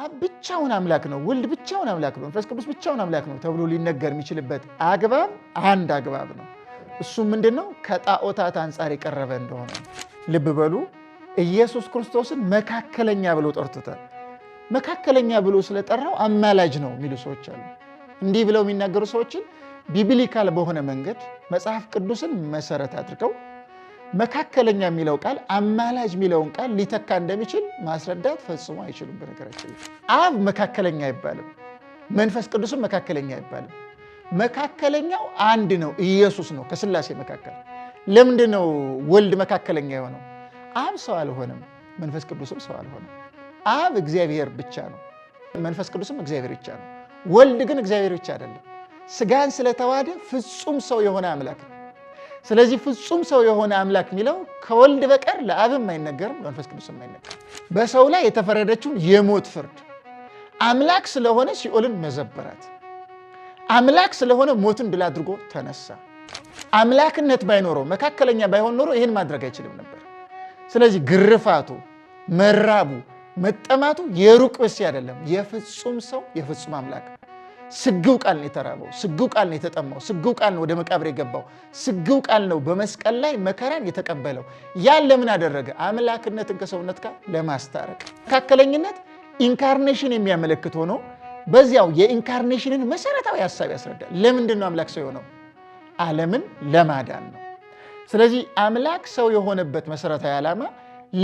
አብ ብቻውን አምላክ ነው፣ ወልድ ብቻውን አምላክ ነው፣ መንፈስ ቅዱስ ብቻውን አምላክ ነው ተብሎ ሊነገር የሚችልበት አግባብ አንድ አግባብ ነው። እሱም ምንድን ነው? ከጣዖታት አንጻር የቀረበ እንደሆነ ልብ በሉ። ኢየሱስ ክርስቶስን መካከለኛ ብሎ ጠርቶታል። መካከለኛ ብሎ ስለጠራው አማላጅ ነው የሚሉ ሰዎች አሉ። እንዲህ ብለው የሚናገሩ ሰዎችን ቢብሊካል በሆነ መንገድ መጽሐፍ ቅዱስን መሰረት አድርገው መካከለኛ የሚለው ቃል አማላጅ የሚለውን ቃል ሊተካ እንደሚችል ማስረዳት ፈጽሞ አይችሉም። በነገራችን አብ መካከለኛ አይባልም፣ መንፈስ ቅዱስም መካከለኛ አይባልም። መካከለኛው አንድ ነው፣ ኢየሱስ ነው ከስላሴ መካከል። ለምንድ ነው ወልድ መካከለኛ የሆነው? አብ ሰው አልሆነም፣ መንፈስ ቅዱስም ሰው አልሆነም። አብ እግዚአብሔር ብቻ ነው፣ መንፈስ ቅዱስም እግዚአብሔር ብቻ ነው። ወልድ ግን እግዚአብሔር ብቻ አይደለም፣ ስጋን ስለተዋደ ፍጹም ሰው የሆነ አምላክ ነው። ስለዚህ ፍጹም ሰው የሆነ አምላክ የሚለው ከወልድ በቀር ለአብም አይነገርም ለመንፈስ ቅዱስ አይነገርም። በሰው ላይ የተፈረደችውን የሞት ፍርድ አምላክ ስለሆነ ሲኦልን መዘበራት፣ አምላክ ስለሆነ ሞትን ድል አድርጎ ተነሳ። አምላክነት ባይኖረው መካከለኛ ባይሆን ኖሮ ይህን ማድረግ አይችልም ነበር። ስለዚህ ግርፋቱ፣ መራቡ፣ መጠማቱ የሩቅ ብስ አይደለም፣ የፍጹም ሰው የፍጹም አምላክ ስግው ቃል ነው የተራበው፣ ስግው ቃል ነው የተጠማው፣ ስግው ቃል ነው ወደ መቃብር የገባው፣ ስግው ቃል ነው በመስቀል ላይ መከራን የተቀበለው። ያን ለምን አደረገ? አምላክነትን ከሰውነት ጋር ለማስታረቅ። መካከለኝነት ኢንካርኔሽን የሚያመለክት ሆኖ በዚያው የኢንካርኔሽንን መሰረታዊ ሀሳብ ያስረዳል። ለምንድን ነው አምላክ ሰው የሆነው? ዓለምን ለማዳን ነው። ስለዚህ አምላክ ሰው የሆነበት መሰረታዊ ዓላማ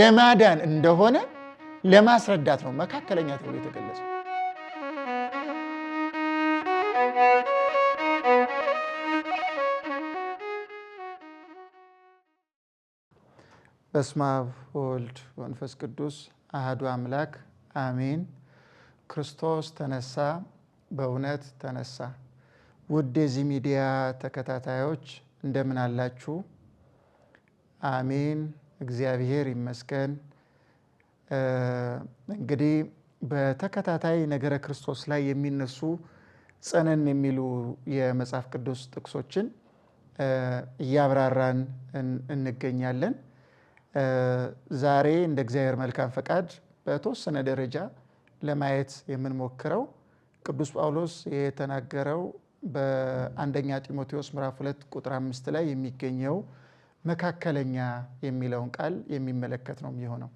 ለማዳን እንደሆነ ለማስረዳት ነው መካከለኛ ተብሎ የተገለጸው። በስመ አብ ወወልድ ወንፈስ ቅዱስ አህዱ አምላክ አሜን። ክርስቶስ ተነሳ፣ በእውነት ተነሳ። ውድ የዚህ ሚዲያ ተከታታዮች እንደምን አላችሁ? አሜን፣ እግዚአብሔር ይመስገን። እንግዲህ በተከታታይ ነገረ ክርስቶስ ላይ የሚነሱ ጸነን የሚሉ የመጽሐፍ ቅዱስ ጥቅሶችን እያብራራን እንገኛለን። ዛሬ እንደ እግዚአብሔር መልካም ፈቃድ በተወሰነ ደረጃ ለማየት የምንሞክረው ቅዱስ ጳውሎስ የተናገረው በአንደኛ ጢሞቴዎስ ምዕራፍ ሁለት ቁጥር አምስት ላይ የሚገኘው መካከለኛ የሚለውን ቃል የሚመለከት ነው የሚሆነው።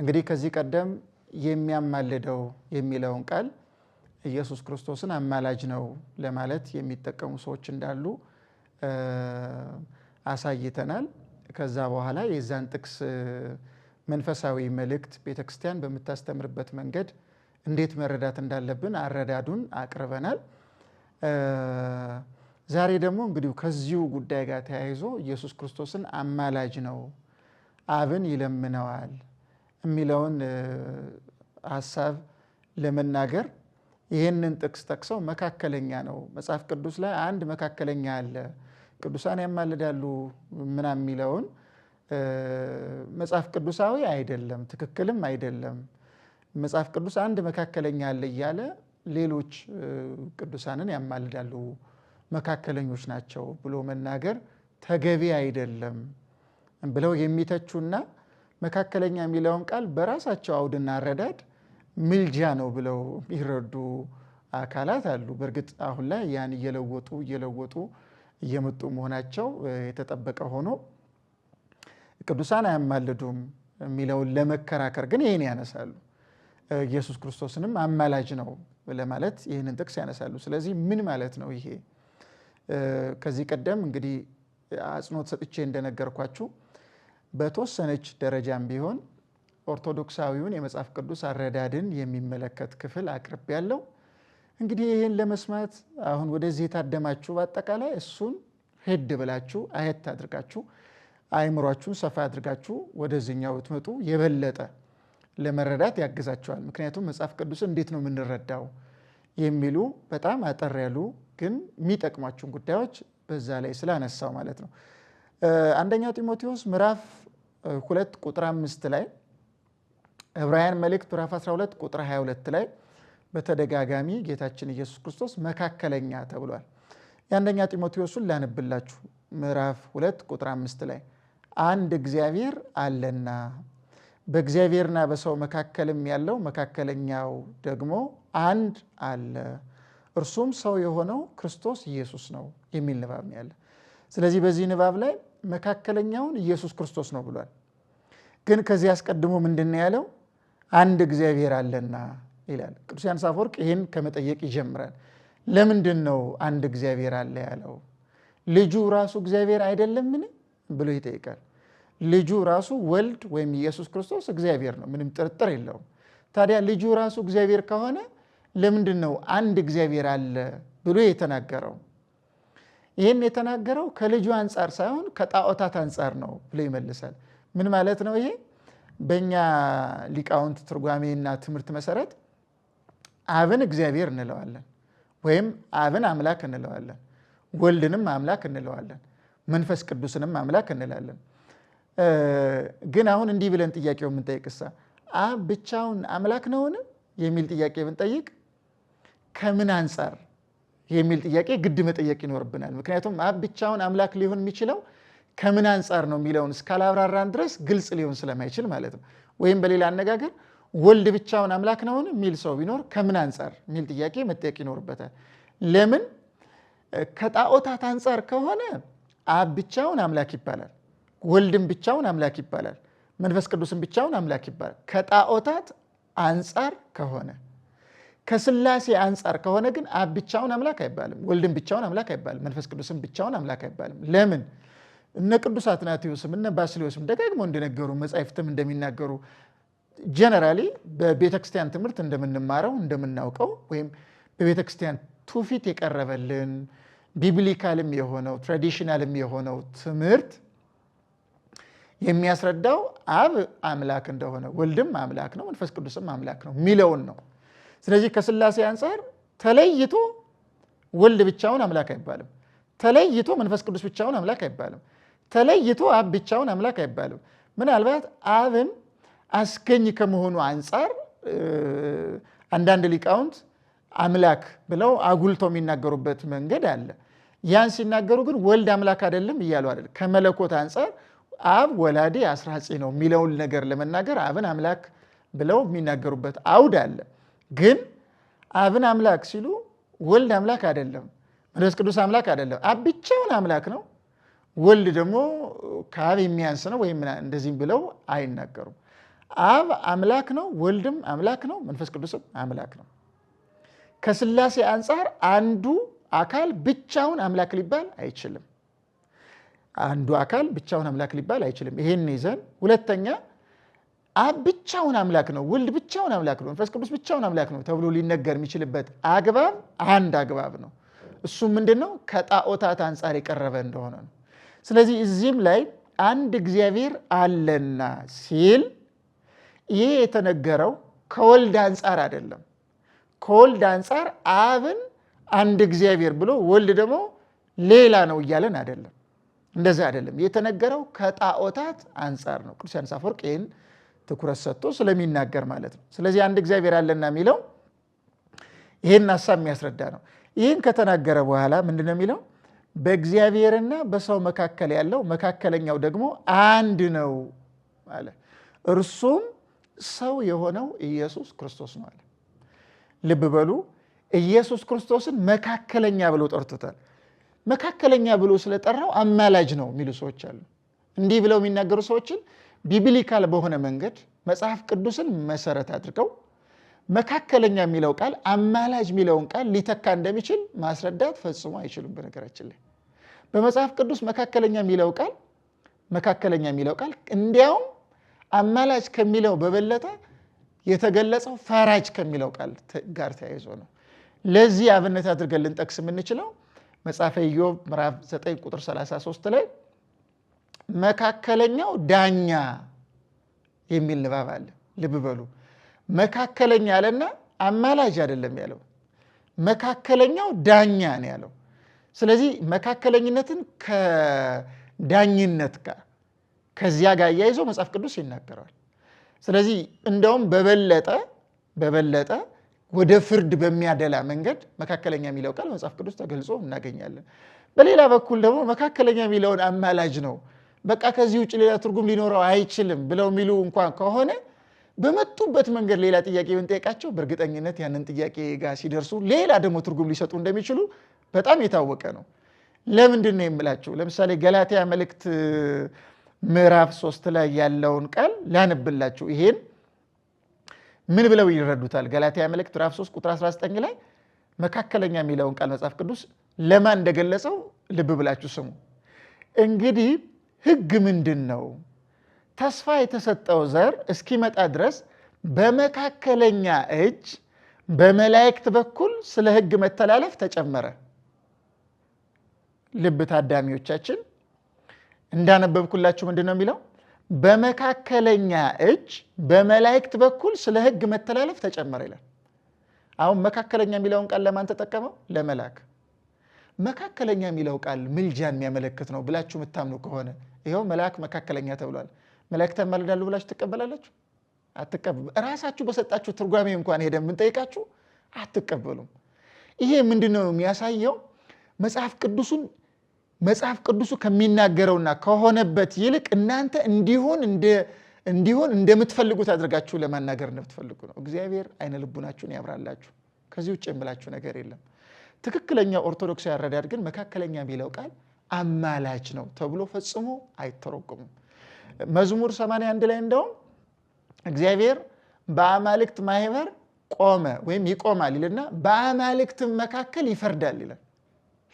እንግዲህ ከዚህ ቀደም የሚያማልደው የሚለውን ቃል ኢየሱስ ክርስቶስን አማላጅ ነው ለማለት የሚጠቀሙ ሰዎች እንዳሉ አሳይተናል። ከዛ በኋላ የዛን ጥቅስ መንፈሳዊ መልእክት ቤተ ክርስቲያን በምታስተምርበት መንገድ እንዴት መረዳት እንዳለብን አረዳዱን አቅርበናል። ዛሬ ደግሞ እንግዲህ ከዚሁ ጉዳይ ጋር ተያይዞ ኢየሱስ ክርስቶስን አማላጅ ነው፣ አብን ይለምነዋል የሚለውን ሀሳብ ለመናገር ይህንን ጥቅስ ጠቅሰው መካከለኛ ነው፣ መጽሐፍ ቅዱስ ላይ አንድ መካከለኛ አለ ቅዱሳን ያማልዳሉ ምና የሚለውን መጽሐፍ ቅዱሳዊ አይደለም፣ ትክክልም አይደለም። መጽሐፍ ቅዱስ አንድ መካከለኛ አለ እያለ ሌሎች ቅዱሳንን ያማልዳሉ፣ መካከለኞች ናቸው ብሎ መናገር ተገቢ አይደለም ብለው የሚተቹና መካከለኛ የሚለውን ቃል በራሳቸው አውድና አረዳድ ምልጃ ነው ብለው የሚረዱ አካላት አሉ። በእርግጥ አሁን ላይ ያን እየለወጡ እየለወጡ እየመጡ መሆናቸው የተጠበቀ ሆኖ ቅዱሳን አያማልዱም የሚለውን ለመከራከር ግን ይህን ያነሳሉ። ኢየሱስ ክርስቶስንም አማላጅ ነው ለማለት ይህንን ጥቅስ ያነሳሉ። ስለዚህ ምን ማለት ነው ይሄ? ከዚህ ቀደም እንግዲህ አጽንኦት ሰጥቼ እንደነገርኳችሁ በተወሰነች ደረጃም ቢሆን ኦርቶዶክሳዊውን የመጽሐፍ ቅዱስ አረዳድን የሚመለከት ክፍል አቅርቤ ያለው እንግዲህ ይህን ለመስማት አሁን ወደዚህ የታደማችሁ በአጠቃላይ እሱን ሄድ ብላችሁ አየት አድርጋችሁ አይምሯችሁን ሰፋ አድርጋችሁ ወደዚህኛው ብትመጡ የበለጠ ለመረዳት ያግዛቸዋል። ምክንያቱም መጽሐፍ ቅዱስ እንዴት ነው የምንረዳው የሚሉ በጣም አጠር ያሉ ግን የሚጠቅሟችሁን ጉዳዮች በዛ ላይ ስላነሳው ማለት ነው። አንደኛ ጢሞቴዎስ ምዕራፍ ሁለት ቁጥር አምስት ላይ ዕብራውያን መልእክት ምዕራፍ 12 ቁጥር 22 ላይ በተደጋጋሚ ጌታችን ኢየሱስ ክርስቶስ መካከለኛ ተብሏል። የአንደኛ ጢሞቴዎሱን ላንብላችሁ ምዕራፍ ሁለት ቁጥር አምስት ላይ አንድ እግዚአብሔር አለና በእግዚአብሔርና በሰው መካከልም ያለው መካከለኛው ደግሞ አንድ አለ፣ እርሱም ሰው የሆነው ክርስቶስ ኢየሱስ ነው የሚል ንባብ ነው ያለ። ስለዚህ በዚህ ንባብ ላይ መካከለኛውን ኢየሱስ ክርስቶስ ነው ብሏል። ግን ከዚህ አስቀድሞ ምንድን ነው ያለው? አንድ እግዚአብሔር አለና ይላል ቅዱስ ዮሐንስ አፈወርቅ። ይህን ከመጠየቅ ይጀምራል። ለምንድን ነው አንድ እግዚአብሔር አለ ያለው? ልጁ ራሱ እግዚአብሔር አይደለምን ብሎ ይጠይቃል። ልጁ ራሱ ወልድ ወይም ኢየሱስ ክርስቶስ እግዚአብሔር ነው፣ ምንም ጥርጥር የለውም። ታዲያ ልጁ ራሱ እግዚአብሔር ከሆነ ለምንድን ነው አንድ እግዚአብሔር አለ ብሎ የተናገረው? ይህን የተናገረው ከልጁ አንጻር ሳይሆን ከጣዖታት አንጻር ነው ብሎ ይመልሳል። ምን ማለት ነው ይሄ? በእኛ ሊቃውንት ትርጓሜና ትምህርት መሰረት አብን እግዚአብሔር እንለዋለን ወይም አብን አምላክ እንለዋለን። ወልድንም አምላክ እንለዋለን። መንፈስ ቅዱስንም አምላክ እንላለን። ግን አሁን እንዲህ ብለን ጥያቄው የምንጠይቅሳ አብ ብቻውን አምላክ ነውን የሚል ጥያቄ ብንጠይቅ ከምን አንጻር የሚል ጥያቄ ግድ መጠየቅ ይኖርብናል። ምክንያቱም አብ ብቻውን አምላክ ሊሆን የሚችለው ከምን አንጻር ነው የሚለውን እስካላብራራን ድረስ ግልጽ ሊሆን ስለማይችል ማለት ነው። ወይም በሌላ አነጋገር ወልድ ብቻውን አምላክ ነውን የሚል ሰው ቢኖር ከምን አንጻር የሚል ጥያቄ መጠየቅ ይኖርበታል። ለምን ከጣዖታት አንጻር ከሆነ አብ ብቻውን አምላክ ይባላል፣ ወልድም ብቻውን አምላክ ይባላል፣ መንፈስ ቅዱስም ብቻውን አምላክ ይባላል። ከጣዖታት አንጻር ከሆነ ከስላሴ አንጻር ከሆነ ግን አብ ብቻውን አምላክ አይባልም፣ ወልድም ብቻውን አምላክ አይባልም፣ መንፈስ ቅዱስም ብቻውን አምላክ አይባልም። ለምን? እነ ቅዱስ አትናቴዎስም እነ ባስሌዎስም ደጋግመው እንደነገሩ መጻሕፍትም እንደሚናገሩ ጀነራሊ በቤተክርስቲያን ትምህርት እንደምንማረው እንደምናውቀው ወይም በቤተክርስቲያን ትውፊት የቀረበልን ቢብሊካልም የሆነው ትራዲሽናልም የሆነው ትምህርት የሚያስረዳው አብ አምላክ እንደሆነ ወልድም አምላክ ነው፣ መንፈስ ቅዱስም አምላክ ነው የሚለውን ነው። ስለዚህ ከስላሴ አንጻር ተለይቶ ወልድ ብቻውን አምላክ አይባልም። ተለይቶ መንፈስ ቅዱስ ብቻውን አምላክ አይባልም። ተለይቶ አብ ብቻውን አምላክ አይባልም። ምናልባት አብን አስገኝ ከመሆኑ አንጻር አንዳንድ ሊቃውንት አምላክ ብለው አጉልተው የሚናገሩበት መንገድ አለ። ያን ሲናገሩ ግን ወልድ አምላክ አይደለም እያሉ አይደለም። ከመለኮት አንጻር አብ ወላዴ አስራጺ ነው የሚለውን ነገር ለመናገር አብን አምላክ ብለው የሚናገሩበት አውድ አለ። ግን አብን አምላክ ሲሉ ወልድ አምላክ አይደለም፣ መንፈስ ቅዱስ አምላክ አይደለም፣ አብ ብቻውን አምላክ ነው። ወልድ ደግሞ ከአብ የሚያንስ ነው ወይም እንደዚህም ብለው አይናገሩም። አብ አምላክ ነው፣ ወልድም አምላክ ነው፣ መንፈስ ቅዱስም አምላክ ነው። ከስላሴ አንጻር አንዱ አካል ብቻውን አምላክ ሊባል አይችልም። አንዱ አካል ብቻውን አምላክ ሊባል አይችልም። ይሄን ይዘን ሁለተኛ አብ ብቻውን አምላክ ነው፣ ወልድ ብቻውን አምላክ ነው፣ መንፈስ ቅዱስ ብቻውን አምላክ ነው ተብሎ ሊነገር የሚችልበት አግባብ አንድ አግባብ ነው። እሱም ምንድን ነው? ከጣዖታት አንጻር የቀረበ እንደሆነ ነው። ስለዚህ እዚህም ላይ አንድ እግዚአብሔር አለና ሲል ይህ የተነገረው ከወልድ አንጻር አይደለም። ከወልድ አንጻር አብን አንድ እግዚአብሔር ብሎ ወልድ ደግሞ ሌላ ነው እያለን አይደለም። እንደዚህ አይደለም። የተነገረው ከጣዖታት አንጻር ነው። ቅዱስ ዮሐንስ አፈወርቅ ይህን ትኩረት ሰጥቶ ስለሚናገር ማለት ነው። ስለዚህ አንድ እግዚአብሔር አለና የሚለው ይህን ሀሳብ የሚያስረዳ ነው። ይህን ከተናገረ በኋላ ምንድነው የሚለው? በእግዚአብሔርና በሰው መካከል ያለው መካከለኛው ደግሞ አንድ ነው አለ እርሱም ሰው የሆነው ኢየሱስ ክርስቶስ ነው አለ። ልብ በሉ ኢየሱስ ክርስቶስን መካከለኛ ብሎ ጠርቶታል። መካከለኛ ብሎ ስለጠራው አማላጅ ነው የሚሉ ሰዎች አሉ። እንዲህ ብለው የሚናገሩ ሰዎችን ቢብሊካል በሆነ መንገድ መጽሐፍ ቅዱስን መሰረት አድርገው መካከለኛ የሚለው ቃል አማላጅ የሚለውን ቃል ሊተካ እንደሚችል ማስረዳት ፈጽሞ አይችሉም። በነገራችን ላይ በመጽሐፍ ቅዱስ መካከለኛ የሚለው ቃል መካከለኛ የሚለው ቃል እንዲያውም አማላጅ ከሚለው በበለጠ የተገለጸው ፈራጅ ከሚለው ቃል ጋር ተያይዞ ነው። ለዚህ አብነት አድርገን ልንጠቅስ የምንችለው መጽሐፈ ኢዮብ ምዕራፍ 9 ቁጥር 33 ላይ መካከለኛው ዳኛ የሚል ንባብ አለ። ልብ በሉ መካከለኛ አለና አማላጅ አይደለም ያለው፣ መካከለኛው ዳኛ ነው ያለው። ስለዚህ መካከለኝነትን ከዳኝነት ጋር ከዚያ ጋር እያይዞ መጽሐፍ ቅዱስ ይናገረዋል። ስለዚህ እንደውም በበለጠ በበለጠ ወደ ፍርድ በሚያደላ መንገድ መካከለኛ የሚለው ቃል መጽሐፍ ቅዱስ ተገልጾ እናገኛለን። በሌላ በኩል ደግሞ መካከለኛ የሚለውን አማላጅ ነው በቃ ከዚህ ውጭ ሌላ ትርጉም ሊኖረው አይችልም ብለው የሚሉ እንኳን ከሆነ በመጡበት መንገድ ሌላ ጥያቄ ብንጠይቃቸው በእርግጠኝነት ያንን ጥያቄ ጋር ሲደርሱ ሌላ ደግሞ ትርጉም ሊሰጡ እንደሚችሉ በጣም የታወቀ ነው። ለምንድን ነው የምላቸው? ለምሳሌ ገላትያ መልእክት ምዕራፍ ሶስት ላይ ያለውን ቃል ላንብላችሁ። ይሄን ምን ብለው ይረዱታል? ገላትያ መልእክት ምዕራፍ 3 ቁጥር 19 ላይ መካከለኛ የሚለውን ቃል መጽሐፍ ቅዱስ ለማን እንደገለጸው ልብ ብላችሁ ስሙ። እንግዲህ ሕግ ምንድን ነው? ተስፋ የተሰጠው ዘር እስኪመጣ ድረስ በመካከለኛ እጅ በመላእክት በኩል ስለ ሕግ መተላለፍ ተጨመረ። ልብ ታዳሚዎቻችን እንዳነበብኩላችሁ ምንድን ነው የሚለው በመካከለኛ እጅ በመላእክት በኩል ስለ ሕግ መተላለፍ ተጨመረ ይላል። አሁን መካከለኛ የሚለውን ቃል ለማን ተጠቀመው? ለመላክ መካከለኛ የሚለው ቃል ምልጃን የሚያመለክት ነው ብላችሁ የምታምኑ ከሆነ ይኸው መልአክ መካከለኛ ተብሏል። መላእክት ያማልዳሉ ብላችሁ ትቀበላላችሁ? አትቀበሉ። እራሳችሁ በሰጣችሁ ትርጓሜ እንኳን ሄደን የምንጠይቃችሁ አትቀበሉም። ይሄ ምንድን ነው የሚያሳየው መጽሐፍ ቅዱሱን መጽሐፍ ቅዱሱ ከሚናገረውና ከሆነበት ይልቅ እናንተ እንዲሆን እንዲሆን እንደምትፈልጉት አድርጋችሁ ለማናገር እንደምትፈልጉ ነው። እግዚአብሔር አይነ ልቡናችሁን ያብራላችሁ። ከዚህ ውጭ የምላችሁ ነገር የለም። ትክክለኛ ኦርቶዶክሳዊ አረዳድ ግን መካከለኛ የሚለው ቃል አማላች ነው ተብሎ ፈጽሞ አይተረጎምም። መዝሙር 81 ላይ እንደውም እግዚአብሔር በአማልክት ማህበር ቆመ ወይም ይቆማል ይልና በአማልክትም መካከል ይፈርዳል ይላል።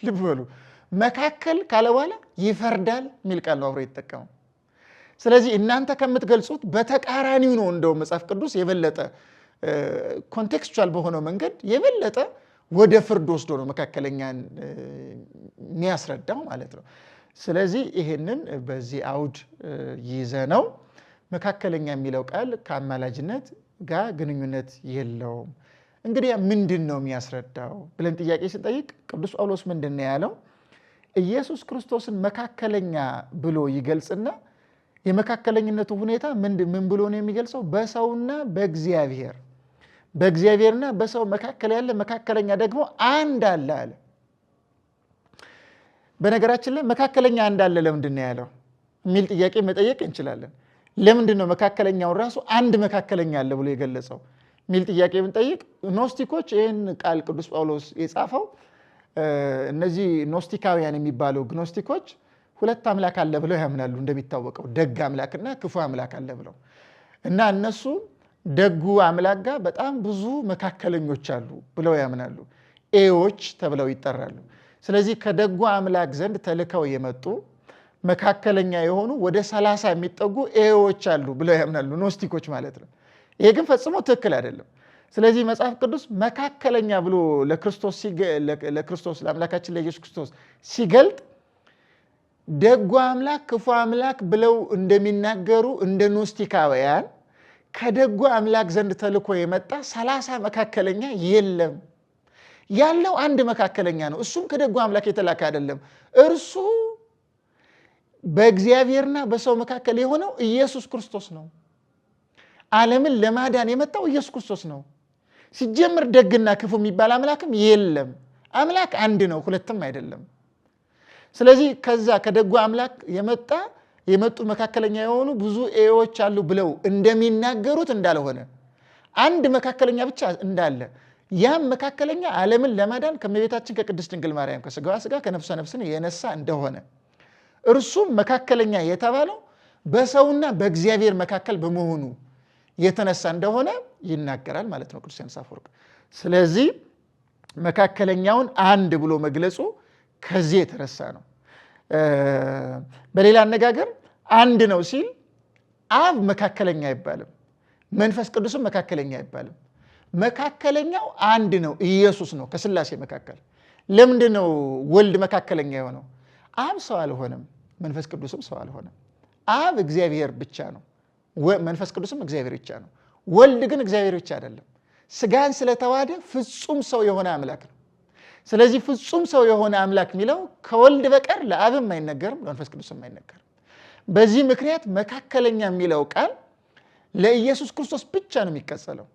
ልብ በሉ መካከል ካለ በኋላ ይፈርዳል የሚል ቃል ነው አብሮ የተጠቀመው። ስለዚህ እናንተ ከምትገልጹት በተቃራኒው ነው። እንደው መጽሐፍ ቅዱስ የበለጠ ኮንቴክስቹዋል በሆነው መንገድ የበለጠ ወደ ፍርድ ወስዶ ነው መካከለኛን የሚያስረዳው ማለት ነው። ስለዚህ ይህንን በዚህ አውድ ይዘ ነው መካከለኛ የሚለው ቃል ከአማላጅነት ጋር ግንኙነት የለውም። እንግዲህ ምንድን ነው የሚያስረዳው ብለን ጥያቄ ስንጠይቅ ቅዱስ ጳውሎስ ምንድን ነው ያለው? ኢየሱስ ክርስቶስን መካከለኛ ብሎ ይገልጽና የመካከለኝነቱ ሁኔታ ምን ብሎ ነው የሚገልጸው? በሰውና በእግዚአብሔር በእግዚአብሔርና በሰው መካከል ያለ መካከለኛ ደግሞ አንድ አለ አለ። በነገራችን ላይ መካከለኛ አንድ አለ ለምንድን ነው ያለው የሚል ጥያቄ መጠየቅ እንችላለን። ለምንድን ነው መካከለኛውን ራሱ አንድ መካከለኛ አለ ብሎ የገለጸው የሚል ጥያቄ ብንጠይቅ ኖስቲኮች ይህን ቃል ቅዱስ ጳውሎስ የጻፈው እነዚህ ኖስቲካውያን የሚባለው ግኖስቲኮች ሁለት አምላክ አለ ብለው ያምናሉ። እንደሚታወቀው ደግ አምላክና ክፉ አምላክ አለ ብለው እና እነሱ ደጉ አምላክ ጋር በጣም ብዙ መካከለኞች አሉ ብለው ያምናሉ። ኤዎች ተብለው ይጠራሉ። ስለዚህ ከደጉ አምላክ ዘንድ ተልከው የመጡ መካከለኛ የሆኑ ወደ ሰላሳ የሚጠጉ ኤዎች አሉ ብለው ያምናሉ ኖስቲኮች ማለት ነው። ይሄ ግን ፈጽሞ ትክክል አይደለም። ስለዚህ መጽሐፍ ቅዱስ መካከለኛ ብሎ ለክርስቶስ ለአምላካችን ለኢየሱስ ክርስቶስ ሲገልጥ ደጎ አምላክ ክፉ አምላክ ብለው እንደሚናገሩ እንደ ኖስቲካውያን ከደጎ አምላክ ዘንድ ተልኮ የመጣ ሰላሳ መካከለኛ የለም። ያለው አንድ መካከለኛ ነው። እሱም ከደጎ አምላክ የተላከ አይደለም። እርሱ በእግዚአብሔርና በሰው መካከል የሆነው ኢየሱስ ክርስቶስ ነው። ዓለምን ለማዳን የመጣው ኢየሱስ ክርስቶስ ነው። ሲጀምር ደግና ክፉ የሚባል አምላክም የለም። አምላክ አንድ ነው፣ ሁለትም አይደለም። ስለዚህ ከዛ ከደጉ አምላክ የመጣ የመጡ መካከለኛ የሆኑ ብዙ ኤዎች አሉ ብለው እንደሚናገሩት እንዳልሆነ አንድ መካከለኛ ብቻ እንዳለ ያም መካከለኛ ዓለምን ለማዳን ከእመቤታችን ከቅድስት ድንግል ማርያም ከስጋዋ ስጋ ከነፍሷ ነፍስን የነሳ እንደሆነ እርሱም መካከለኛ የተባለው በሰውና በእግዚአብሔር መካከል በመሆኑ የተነሳ እንደሆነ ይናገራል ማለት ነው ቅዱስ ዮሐንስ አፈወርቅ። ስለዚህ መካከለኛውን አንድ ብሎ መግለጹ ከዚህ የተነሳ ነው። በሌላ አነጋገር አንድ ነው ሲል አብ መካከለኛ አይባልም፣ መንፈስ ቅዱስም መካከለኛ አይባልም። መካከለኛው አንድ ነው፣ ኢየሱስ ነው ከስላሴ መካከል። ለምንድ ነው ወልድ መካከለኛ የሆነው? አብ ሰው አልሆነም፣ መንፈስ ቅዱስም ሰው አልሆነም። አብ እግዚአብሔር ብቻ ነው። መንፈስ ቅዱስም እግዚአብሔር ብቻ ነው። ወልድ ግን እግዚአብሔር ብቻ አይደለም። ስጋን ስለተዋደ ፍጹም ሰው የሆነ አምላክ ነው። ስለዚህ ፍጹም ሰው የሆነ አምላክ የሚለው ከወልድ በቀር ለአብም አይነገርም፣ ለመንፈስ ቅዱስም አይነገርም። በዚህ ምክንያት መካከለኛ የሚለው ቃል ለኢየሱስ ክርስቶስ ብቻ ነው የሚቀጸለው።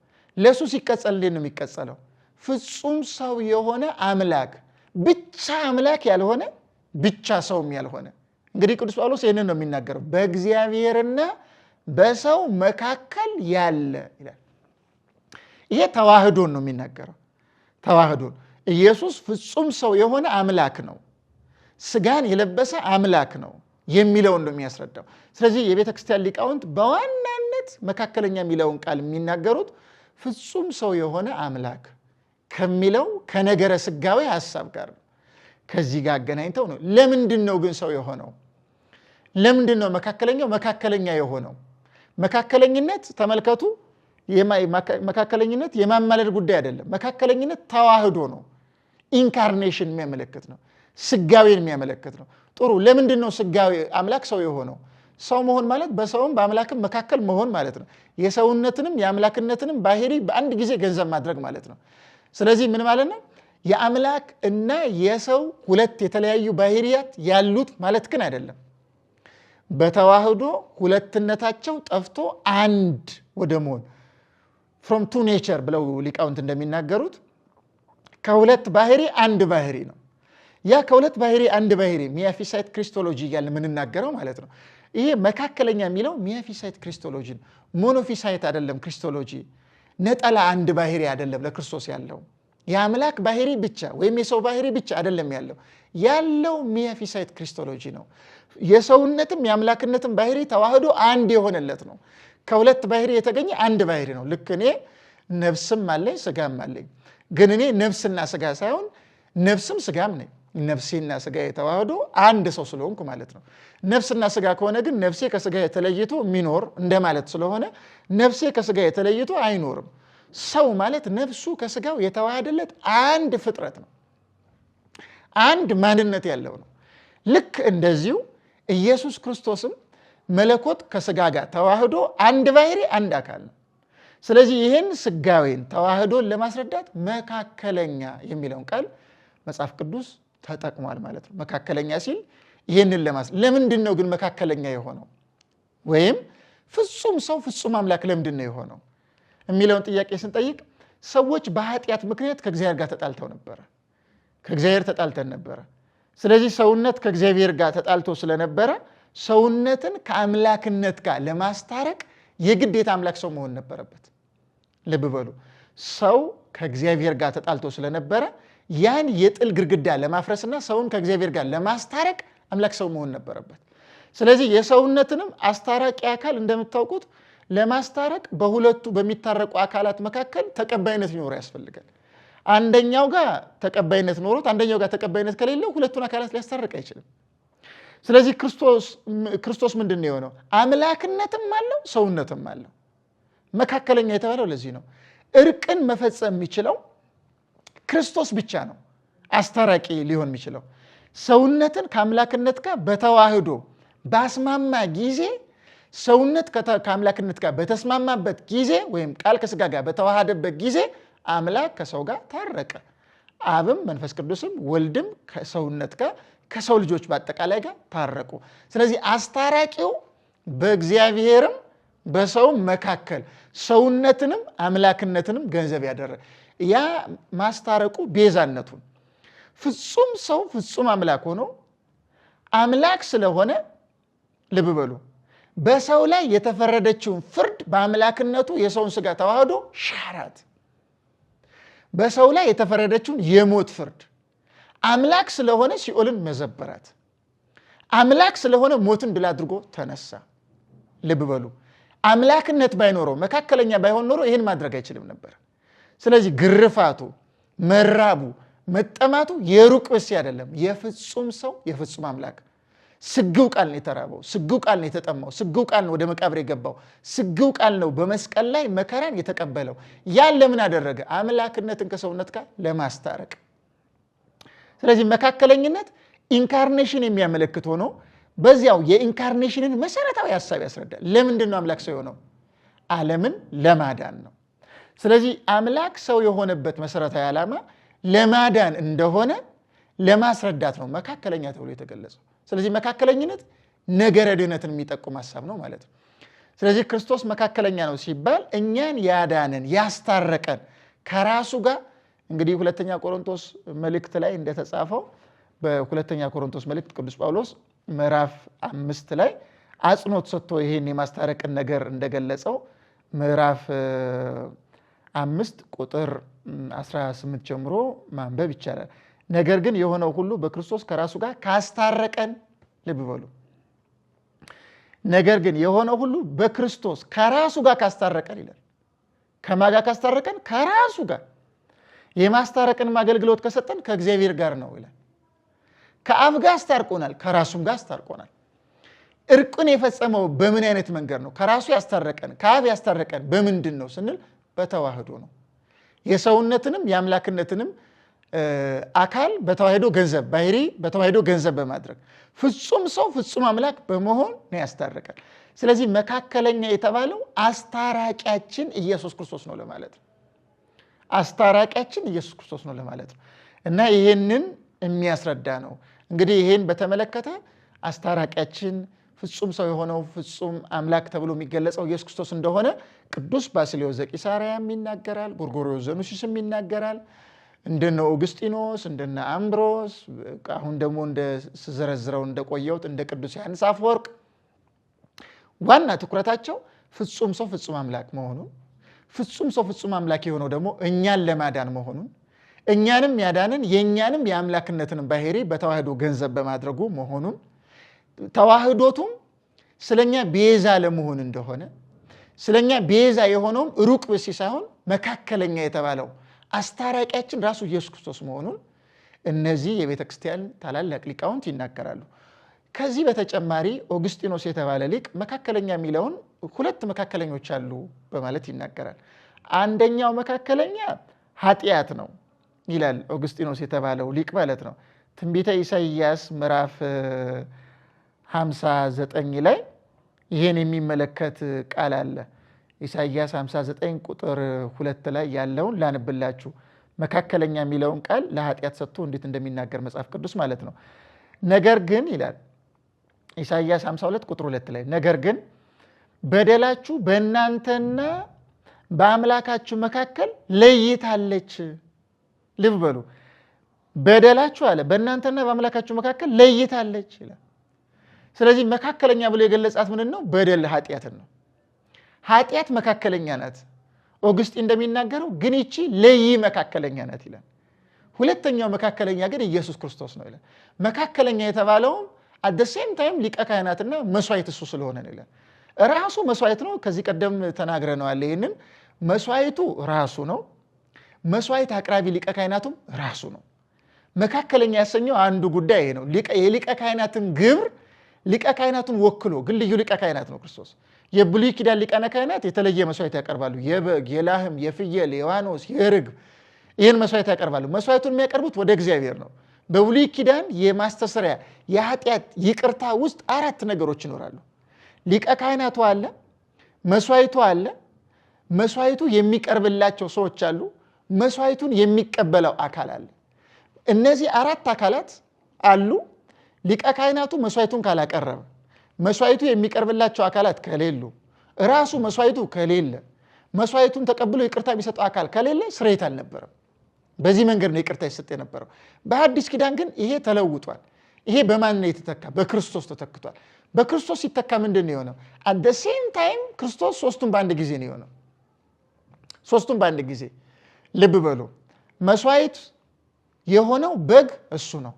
ለእሱ ሲቀጸል እንዴት ነው የሚቀጸለው? ፍጹም ሰው የሆነ አምላክ ብቻ አምላክ ያልሆነ ብቻ ሰውም ያልሆነ። እንግዲህ ቅዱስ ጳውሎስ ይህንን ነው የሚናገረው በእግዚአብሔርና በሰው መካከል ያለ ይላል። ይሄ ተዋህዶን ነው የሚናገረው። ተዋህዶን ኢየሱስ ፍጹም ሰው የሆነ አምላክ ነው፣ ስጋን የለበሰ አምላክ ነው የሚለውን ነው የሚያስረዳው። ስለዚህ የቤተ ክርስቲያን ሊቃውንት በዋናነት መካከለኛ የሚለውን ቃል የሚናገሩት ፍጹም ሰው የሆነ አምላክ ከሚለው ከነገረ ስጋዊ ሀሳብ ጋር ነው። ከዚህ ጋር አገናኝተው ነው። ለምንድን ነው ግን ሰው የሆነው? ለምንድን ነው መካከለኛው መካከለኛ የሆነው? መካከለኝነት ተመልከቱ፣ መካከለኝነት የማማለድ ጉዳይ አይደለም። መካከለኝነት ተዋህዶ ነው። ኢንካርኔሽን የሚያመለክት ነው። ስጋዌን የሚያመለክት ነው። ጥሩ። ለምንድን ነው ስጋዊ አምላክ ሰው የሆነው? ሰው መሆን ማለት በሰውም በአምላክም መካከል መሆን ማለት ነው። የሰውነትንም የአምላክነትንም ባህሪ በአንድ ጊዜ ገንዘብ ማድረግ ማለት ነው። ስለዚህ ምን ማለት ነው? የአምላክ እና የሰው ሁለት የተለያዩ ባህሪያት ያሉት ማለት ግን አይደለም። በተዋህዶ ሁለትነታቸው ጠፍቶ አንድ ወደ መሆን ፍሮም ቱ ኔቸር ብለው ሊቃውንት እንደሚናገሩት ከሁለት ባህሪ አንድ ባህሪ ነው። ያ ከሁለት ባህሪ አንድ ባህሪ ሚያፊሳይት ክሪስቶሎጂ እያልን የምንናገረው ማለት ነው። ይሄ መካከለኛ የሚለው ሚያፊሳይት ክሪስቶሎጂ ነው። ሞኖፊሳይት አይደለም። ክሪስቶሎጂ ነጠላ አንድ ባህሪ አይደለም። ለክርስቶስ ያለው የአምላክ ባህሪ ብቻ ወይም የሰው ባህሪ ብቻ አይደለም ያለው ያለው ሚያፊሳይት ክሪስቶሎጂ ነው። የሰውነትም የአምላክነትም ባህሪ ተዋህዶ አንድ የሆነለት ነው። ከሁለት ባህሪ የተገኘ አንድ ባህሪ ነው። ልክ እኔ ነፍስም አለኝ ስጋም አለኝ። ግን እኔ ነፍስና ስጋ ሳይሆን ነፍስም ስጋም ነኝ። ነፍሴና ስጋ የተዋህዶ አንድ ሰው ስለሆንኩ ማለት ነው። ነፍስና ስጋ ከሆነ ግን ነፍሴ ከስጋ የተለይቶ የሚኖር እንደማለት ስለሆነ ነፍሴ ከስጋ የተለይቶ አይኖርም። ሰው ማለት ነፍሱ ከስጋው የተዋህደለት አንድ ፍጥረት ነው። አንድ ማንነት ያለው ነው። ልክ እንደዚሁ ኢየሱስ ክርስቶስም መለኮት ከስጋ ጋር ተዋህዶ አንድ ባህሪ አንድ አካል ነው። ስለዚህ ይህን ስጋዌን ተዋህዶን ለማስረዳት መካከለኛ የሚለውን ቃል መጽሐፍ ቅዱስ ተጠቅሟል ማለት ነው። መካከለኛ ሲል ይህንን ለማስ ለምንድን ነው ግን መካከለኛ የሆነው ወይም ፍጹም ሰው ፍጹም አምላክ ለምንድን ነው የሆነው የሚለውን ጥያቄ ስንጠይቅ ሰዎች በኃጢአት ምክንያት ከእግዚአብሔር ጋር ተጣልተው ነበረ። ከእግዚአብሔር ተጣልተን ነበረ። ስለዚህ ሰውነት ከእግዚአብሔር ጋር ተጣልቶ ስለነበረ ሰውነትን ከአምላክነት ጋር ለማስታረቅ የግዴታ አምላክ ሰው መሆን ነበረበት። ልብ በሉ፣ ሰው ከእግዚአብሔር ጋር ተጣልቶ ስለነበረ ያን የጥል ግድግዳ ለማፍረስና ሰውን ከእግዚአብሔር ጋር ለማስታረቅ አምላክ ሰው መሆን ነበረበት። ስለዚህ የሰውነትንም አስታራቂ አካል እንደምታውቁት ለማስታረቅ በሁለቱ በሚታረቁ አካላት መካከል ተቀባይነት ሊኖረው ያስፈልጋል። አንደኛው ጋር ተቀባይነት ኖሮት አንደኛው ጋር ተቀባይነት ከሌለው ሁለቱን አካላት ሊያስታርቅ አይችልም። ስለዚህ ክርስቶስ ምንድን ነው የሆነው? አምላክነትም አለው ሰውነትም አለው። መካከለኛ የተባለው ለዚህ ነው። እርቅን መፈጸም የሚችለው ክርስቶስ ብቻ ነው፣ አስታራቂ ሊሆን የሚችለው ሰውነትን ከአምላክነት ጋር በተዋህዶ ባስማማ ጊዜ ሰውነት ከአምላክነት ጋር በተስማማበት ጊዜ ወይም ቃል ከስጋ ጋር በተዋሃደበት ጊዜ አምላክ ከሰው ጋር ታረቀ። አብም መንፈስ ቅዱስም ወልድም ከሰውነት ጋር ከሰው ልጆች በአጠቃላይ ጋር ታረቁ። ስለዚህ አስታራቂው በእግዚአብሔርም በሰውም መካከል ሰውነትንም አምላክነትንም ገንዘብ ያደረገ ያ ማስታረቁ ቤዛነቱን ፍጹም ሰው ፍጹም አምላክ ሆኖ አምላክ ስለሆነ ልብ በሉ በሰው ላይ የተፈረደችውን ፍርድ በአምላክነቱ የሰውን ስጋ ተዋህዶ ሻራት። በሰው ላይ የተፈረደችውን የሞት ፍርድ አምላክ ስለሆነ ሲኦልን መዘበራት፣ አምላክ ስለሆነ ሞትን ድል አድርጎ ተነሳ። ልብ በሉ፣ አምላክነት ባይኖረው መካከለኛ ባይሆን ኖሮ ይህን ማድረግ አይችልም ነበር። ስለዚህ ግርፋቱ፣ መራቡ፣ መጠማቱ የሩቅ ብስ አይደለም፣ የፍጹም ሰው የፍጹም አምላክ ስግው ቃል ነው የተራበው፣ ስግው ቃል ነው የተጠማው፣ ስግው ቃል ነው ወደ መቃብር የገባው፣ ስግው ቃል ነው በመስቀል ላይ መከራን የተቀበለው። ያን ለምን አደረገ? አምላክነትን ከሰውነት ጋር ለማስታረቅ። ስለዚህ መካከለኝነት ኢንካርኔሽን የሚያመለክት ሆኖ በዚያው የኢንካርኔሽንን መሰረታዊ ሀሳብ ያስረዳል። ለምንድን ነው አምላክ ሰው የሆነው? ዓለምን ለማዳን ነው። ስለዚህ አምላክ ሰው የሆነበት መሰረታዊ ዓላማ ለማዳን እንደሆነ ለማስረዳት ነው መካከለኛ ተብሎ የተገለጸው። ስለዚህ መካከለኝነት ነገረ ድህነትን የሚጠቁም ሀሳብ ነው ማለት ነው። ስለዚህ ክርስቶስ መካከለኛ ነው ሲባል እኛን ያዳነን ያስታረቀን ከራሱ ጋር እንግዲህ ሁለተኛ ቆሮንቶስ መልእክት ላይ እንደተጻፈው በሁለተኛ ቆሮንቶስ መልእክት ቅዱስ ጳውሎስ ምዕራፍ አምስት ላይ አጽንኦት ሰጥቶ ይሄን የማስታረቅን ነገር እንደገለጸው ምዕራፍ አምስት ቁጥር 18 ጀምሮ ማንበብ ይቻላል። ነገር ግን የሆነው ሁሉ በክርስቶስ ከራሱ ጋር ካስታረቀን፣ ልብ በሉ። ነገር ግን የሆነው ሁሉ በክርስቶስ ከራሱ ጋር ካስታረቀን ይላል። ከማጋ ካስታረቀን ከራሱ ጋር የማስታረቅንም አገልግሎት ከሰጠን ከእግዚአብሔር ጋር ነው ይላል። ከአብ ጋር አስታርቆናል፣ ከራሱም ጋር አስታርቆናል። እርቁን የፈጸመው በምን አይነት መንገድ ነው? ከራሱ ያስታረቀን ከአብ ያስታረቀን በምንድን ነው ስንል፣ በተዋህዶ ነው። የሰውነትንም የአምላክነትንም አካል በተዋህዶ ገንዘብ ባህሪ በተዋህዶ ገንዘብ በማድረግ ፍጹም ሰው ፍጹም አምላክ በመሆን ነው ያስታርቃል። ስለዚህ መካከለኛ የተባለው አስታራቂያችን ኢየሱስ ክርስቶስ ነው ለማለት ነው። አስታራቂያችን ኢየሱስ ክርስቶስ ነው ለማለት ነው እና ይሄንን የሚያስረዳ ነው። እንግዲህ ይሄን በተመለከተ አስታራቂያችን ፍጹም ሰው የሆነው ፍጹም አምላክ ተብሎ የሚገለጸው ኢየሱስ ክርስቶስ እንደሆነ ቅዱስ ባስልዮስ ዘቂሳርያም ይናገራል፣ ጎርጎርዮስ ዘኑሲስም ይናገራል። እንደነ ኦግስጢኖስ እንደነ አምብሮስ አሁን ደግሞ እንደ ስዘረዝረው እንደቆየሁት እንደ ቅዱስ ዮሐንስ አፈወርቅ ዋና ትኩረታቸው ፍጹም ሰው ፍጹም አምላክ መሆኑን ፍጹም ሰው ፍጹም አምላክ የሆነው ደግሞ እኛን ለማዳን መሆኑን እኛንም ያዳንን የእኛንም የአምላክነትን ባህሪ በተዋህዶ ገንዘብ በማድረጉ መሆኑን ተዋህዶቱም ስለኛ ቤዛ ለመሆን እንደሆነ ስለኛ ቤዛ የሆነውም ሩቅ ብእሲ ሳይሆን መካከለኛ የተባለው አስታራቂያችን ራሱ ኢየሱስ ክርስቶስ መሆኑን እነዚህ የቤተ ክርስቲያን ታላላቅ ሊቃውንት ይናገራሉ። ከዚህ በተጨማሪ ኦግስጢኖስ የተባለ ሊቅ መካከለኛ የሚለውን ሁለት መካከለኞች አሉ በማለት ይናገራል። አንደኛው መካከለኛ ኃጢአት ነው ይላል ኦግስጢኖስ የተባለው ሊቅ ማለት ነው። ትንቢተ ኢሳይያስ ምዕራፍ 59 ላይ ይሄን የሚመለከት ቃል አለ። ኢሳይያስ 59 ቁጥር ሁለት ላይ ያለውን ላንብላችሁ። መካከለኛ የሚለውን ቃል ለኃጢአት ሰጥቶ እንዴት እንደሚናገር መጽሐፍ ቅዱስ ማለት ነው። ነገር ግን ይላል ኢሳይያስ 52 ቁጥር ሁለት ላይ ነገር ግን በደላችሁ በእናንተና በአምላካችሁ መካከል ለይታለች። ልብ በሉ በደላችሁ አለ በእናንተና በአምላካችሁ መካከል ለይታለች ይላል። ስለዚህ መካከለኛ ብሎ የገለጻት ምንን ነው? በደል ኃጢአትን ነው። ኃጢአት መካከለኛ ናት። ኦግስጢን እንደሚናገረው ግን ይቺ ለይ መካከለኛ ናት ይላል። ሁለተኛው መካከለኛ ግን ኢየሱስ ክርስቶስ ነው ይላል። መካከለኛ የተባለውም አደ ሴም ታይም ሊቀ ካህናትና መስዋዕት እሱ ስለሆነ ነው ይላል። ራሱ መስዋዕት ነው። ከዚህ ቀደም ተናግረነዋል። ይህንን መስዋዕቱ ራሱ ነው። መስዋዕት አቅራቢ ሊቀ ካህናቱም ራሱ ነው። መካከለኛ ያሰኘው አንዱ ጉዳይ ይሄ ነው። የሊቀ ካህናትን ግብር ሊቀ ካህናቱን ወክሎ ግን ልዩ ሊቀ ካህናት ነው ክርስቶስ የብሉይ ኪዳን ሊቃነ ካህናት የተለየ መስዋዕት ያቀርባሉ። የበግ፣ የላህም፣ የፍየል፣ የዋኖስ፣ የርግብ ይህን መስዋዕት ያቀርባሉ። መስዋዕቱን የሚያቀርቡት ወደ እግዚአብሔር ነው። በብሉይ ኪዳን የማስተሰሪያ የኃጢአት ይቅርታ ውስጥ አራት ነገሮች ይኖራሉ። ሊቀ ካህናቱ አለ፣ መስዋዕቱ አለ፣ መስዋዕቱ የሚቀርብላቸው ሰዎች አሉ፣ መስዋዕቱን የሚቀበለው አካል አለ። እነዚህ አራት አካላት አሉ። ሊቀ ካህናቱ መስዋዕቱን ካላቀረበ መስዋዕቱ የሚቀርብላቸው አካላት ከሌሉ ራሱ መስዋዕቱ ከሌለ መስዋዕቱን ተቀብሎ ይቅርታ የሚሰጠው አካል ከሌለ ስርየት አልነበረም። በዚህ መንገድ ነው ይቅርታ ይሰጥ የነበረው። በአዲስ ኪዳን ግን ይሄ ተለውጧል። ይሄ በማን ነው የተተካ? በክርስቶስ ተተክቷል። በክርስቶስ ሲተካ ምንድን ነው የሆነው? አደ ሴም ታይም ክርስቶስ ሶስቱም በአንድ ጊዜ ነው የሆነው። ሶስቱም በአንድ ጊዜ ልብ በሉ። መስዋዕት የሆነው በግ እሱ ነው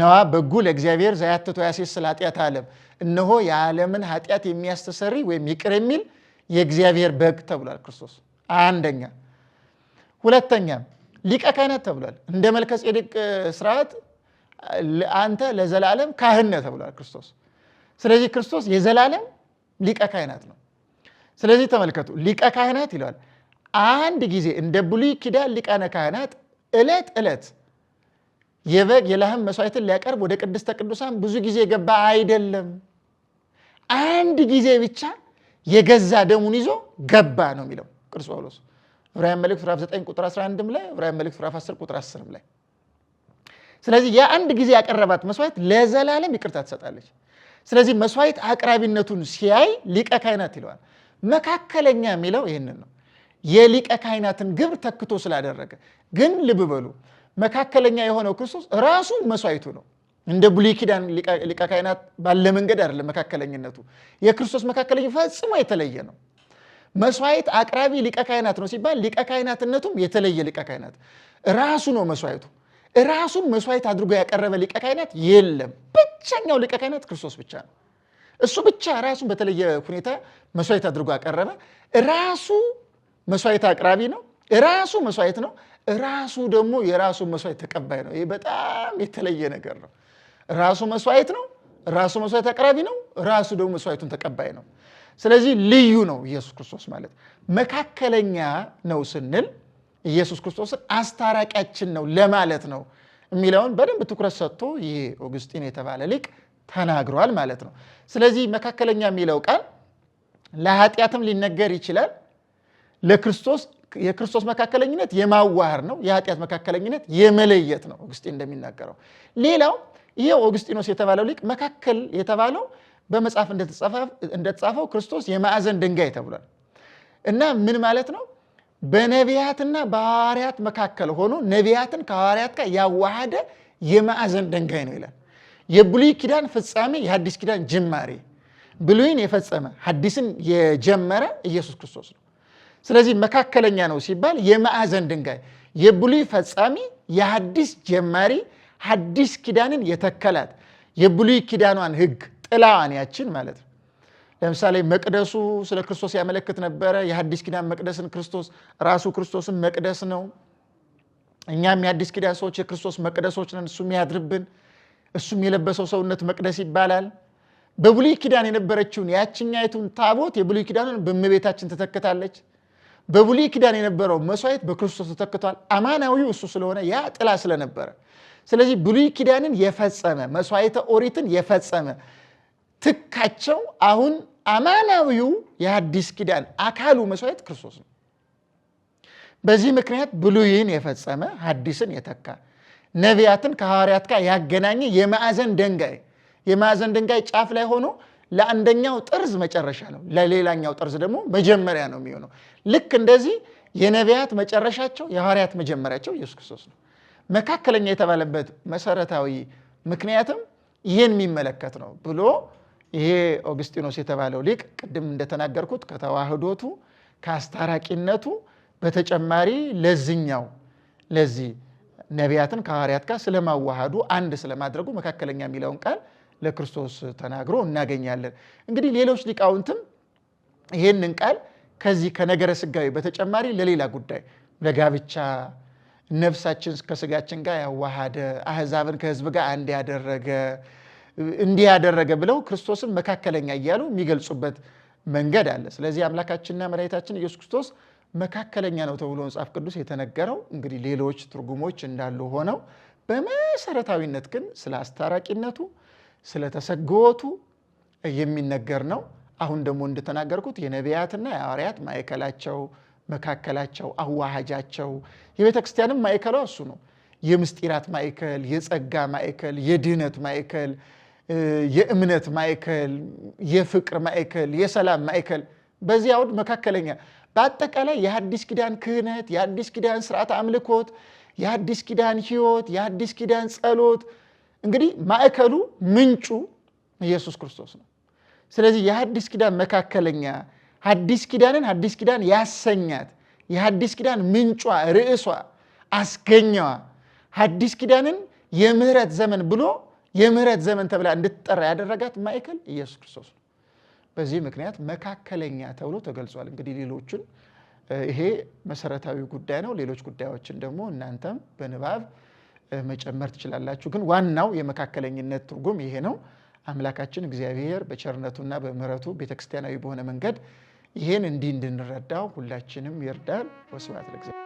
ነዋ በጉ ለእግዚአብሔር ዘያትቶ ስለ ኃጢአተ ዓለም እነሆ የዓለምን ኃጢአት የሚያስተሰሪ ወይም ይቅር የሚል የእግዚአብሔር በግ ተብሏል ክርስቶስ። አንደኛ። ሁለተኛ ሊቀ ካህናት ተብሏል። እንደ መልከ ስርዓት አንተ ለዘላለም ካህነ ተብሏል ክርስቶስ። ስለዚህ ክርስቶስ የዘላለም ሊቀ ካህናት ነው። ስለዚህ ተመልከቱ፣ ሊቀ ካህናት ይለዋል። አንድ ጊዜ እንደ ብሉይ ኪዳን ሊቃነ ካህናት ዕለት ዕለት የበግ የላህም መስዋዕትን ሊያቀርብ ወደ ቅድስተ ቅዱሳን ብዙ ጊዜ የገባ አይደለም። አንድ ጊዜ ብቻ የገዛ ደሙን ይዞ ገባ ነው የሚለው ቅዱስ ጳውሎስ ዕብራውያን መልእክት ምዕራፍ 9 ቁጥር 11 ላይ ዕብራውያን መልእክት ምዕራፍ 10 ቁጥር 10 ላይ። ስለዚህ አንድ ጊዜ ያቀረባት መስዋዕት ለዘላለም ይቅርታ ትሰጣለች። ስለዚህ መስዋዕት አቅራቢነቱን ሲያይ ሊቀ ካህናት ይለዋል። መካከለኛ የሚለው ይህንን ነው። የሊቀ ካህናትን ግብር ተክቶ ስላደረገ ግን ልብ በሉ መካከለኛ የሆነው ክርስቶስ ራሱ መስዋዕቱ ነው። እንደ ብሉይ ኪዳን ሊቀ ካህናት ባለ መንገድ አይደለም። መካከለኝነቱ የክርስቶስ መካከለኝ ፈጽሞ የተለየ ነው። መስዋዕት አቅራቢ ሊቀ ካህናት ነው ሲባል ሊቀ ካህናትነቱም የተለየ ሊቀ ካህናት ራሱ ነው መስዋዕቱ። ራሱን መስዋዕት አድርጎ ያቀረበ ሊቀ ካህናት የለም። ብቸኛው ሊቀ ካህናት ክርስቶስ ብቻ ነው። እሱ ብቻ ራሱን በተለየ ሁኔታ መስዋዕት አድርጎ ያቀረበ ራሱ መስዋዕት አቅራቢ ነው። ራሱ መስዋዕት ነው። ራሱ ደግሞ የራሱ መስዋዕት ተቀባይ ነው። ይሄ በጣም የተለየ ነገር ነው። ራሱ መስዋዕት ነው። ራሱ መስዋዕት አቅራቢ ነው። ራሱ ደግሞ መስዋዕቱን ተቀባይ ነው። ስለዚህ ልዩ ነው ኢየሱስ ክርስቶስ ማለት። መካከለኛ ነው ስንል ኢየሱስ ክርስቶስን አስታራቂያችን ነው ለማለት ነው የሚለውን በደንብ ትኩረት ሰጥቶ ይሄ ኦግስጢን የተባለ ሊቅ ተናግሯል ማለት ነው። ስለዚህ መካከለኛ የሚለው ቃል ለኃጢአትም ሊነገር ይችላል፣ ለክርስቶስ የክርስቶስ መካከለኝነት የማዋህር ነው። የኃጢአት መካከለኝነት የመለየት ነው ኦግስጢን እንደሚናገረው። ሌላው ይሄ ኦግስጢኖስ የተባለው ሊቅ መካከል የተባለው በመጽሐፍ እንደተጻፈው ክርስቶስ የማዕዘን ድንጋይ ተብሏል እና ምን ማለት ነው? በነቢያትና በሐዋርያት መካከል ሆኖ ነቢያትን ከሐዋርያት ጋር ያዋሃደ የማዕዘን ድንጋይ ነው ይላል። የብሉይ ኪዳን ፍጻሜ፣ የሐዲስ ኪዳን ጅማሬ፣ ብሉይን የፈጸመ ሐዲስን የጀመረ ኢየሱስ ክርስቶስ ነው። ስለዚህ መካከለኛ ነው ሲባል የማዕዘን ድንጋይ የብሉይ ፈጻሚ የሐዲስ ጀማሪ ሐዲስ ኪዳንን የተከላት የብሉይ ኪዳኗን ህግ ጥላዋን ያችን ማለት ነው። ለምሳሌ መቅደሱ ስለ ክርስቶስ ያመለክት ነበረ። የሐዲስ ኪዳን መቅደስን ክርስቶስ ራሱ ክርስቶስን መቅደስ ነው። እኛም የአዲስ ኪዳን ሰዎች የክርስቶስ መቅደሶች ነን። እሱም ያድርብን። እሱም የለበሰው ሰውነት መቅደስ ይባላል። በብሉይ ኪዳን የነበረችውን ያችኛይቱን ታቦት የብሉይ ኪዳንን በእመቤታችን ተተክታለች። በብሉይ ኪዳን የነበረው መስዋዕት በክርስቶስ ተተክቷል። አማናዊው እሱ ስለሆነ ያ ጥላ ስለነበረ፣ ስለዚህ ብሉይ ኪዳንን የፈጸመ መስዋዕተ ኦሪትን የፈጸመ ትካቸው አሁን አማናዊው የአዲስ ኪዳን አካሉ መስዋዕት ክርስቶስ ነው። በዚህ ምክንያት ብሉይን የፈጸመ ሐዲስን የተካ ነቢያትን ከሐዋርያት ጋር ያገናኘ የማዕዘን ድንጋይ የማዕዘን ድንጋይ ጫፍ ላይ ሆኖ ለአንደኛው ጠርዝ መጨረሻ ነው፣ ለሌላኛው ጠርዝ ደግሞ መጀመሪያ ነው የሚሆነው። ልክ እንደዚህ የነቢያት መጨረሻቸው የሐዋርያት መጀመሪያቸው ኢየሱስ ክርስቶስ ነው። መካከለኛ የተባለበት መሰረታዊ ምክንያትም ይህን የሚመለከት ነው ብሎ ይሄ ኦግስጢኖስ የተባለው ሊቅ ቅድም እንደተናገርኩት ከተዋህዶቱ ከአስታራቂነቱ በተጨማሪ ለዚኛው ለዚህ ነቢያትን ከሐዋርያት ጋር ስለማዋሃዱ አንድ ስለማድረጉ መካከለኛ የሚለውን ቃል ለክርስቶስ ተናግሮ እናገኛለን። እንግዲህ ሌሎች ሊቃውንትም ይህንን ቃል ከዚህ ከነገረ ስጋዊ በተጨማሪ ለሌላ ጉዳይ ለጋብቻ ነፍሳችን ከስጋችን ጋር ያዋሃደ አህዛብን ከህዝብ ጋር አንድ ያደረገ እንዲህ ያደረገ ብለው ክርስቶስን መካከለኛ እያሉ የሚገልጹበት መንገድ አለ። ስለዚህ አምላካችንና መድኃኒታችን ኢየሱስ ክርስቶስ መካከለኛ ነው ተብሎ መጽሐፍ ቅዱስ የተነገረው። እንግዲህ ሌሎች ትርጉሞች እንዳሉ ሆነው በመሰረታዊነት ግን ስለ አስታራቂነቱ ስለ ተሰጎቱ የሚነገር ነው። አሁን ደግሞ እንደተናገርኩት የነቢያትና የሐዋርያት ማዕከላቸው፣ መካከላቸው፣ አዋሃጃቸው የቤተ ክርስቲያንም ማዕከሏ እሱ ነው። የምስጢራት ማዕከል፣ የጸጋ ማዕከል፣ የድህነት ማዕከል፣ የእምነት ማዕከል፣ የፍቅር ማዕከል፣ የሰላም ማዕከል በዚህ አውድ መካከለኛ በአጠቃላይ የአዲስ ኪዳን ክህነት፣ የአዲስ ኪዳን ስርዓት አምልኮት፣ የአዲስ ኪዳን ህይወት፣ የአዲስ ኪዳን ጸሎት እንግዲህ ማዕከሉ ምንጩ ኢየሱስ ክርስቶስ ነው። ስለዚህ የሐዲስ ኪዳን መካከለኛ ሐዲስ ኪዳንን ሐዲስ ኪዳን ያሰኛት የሐዲስ ኪዳን ምንጯ፣ ርዕሷ፣ አስገኛዋ ሐዲስ ኪዳንን የምህረት ዘመን ብሎ የምህረት ዘመን ተብላ እንድትጠራ ያደረጋት ማዕከል ኢየሱስ ክርስቶስ ነው። በዚህ ምክንያት መካከለኛ ተብሎ ተገልጿል። እንግዲህ ሌሎቹን ይሄ መሰረታዊ ጉዳይ ነው። ሌሎች ጉዳዮችን ደግሞ እናንተም በንባብ መጨመር ትችላላችሁ። ግን ዋናው የመካከለኝነት ትርጉም ይሄ ነው። አምላካችን እግዚአብሔር በቸርነቱና በምሕረቱ ቤተክርስቲያናዊ በሆነ መንገድ ይሄን እንዲህ እንድንረዳው ሁላችንም ይርዳል። ወስብሐት ለእግዚአብሔር።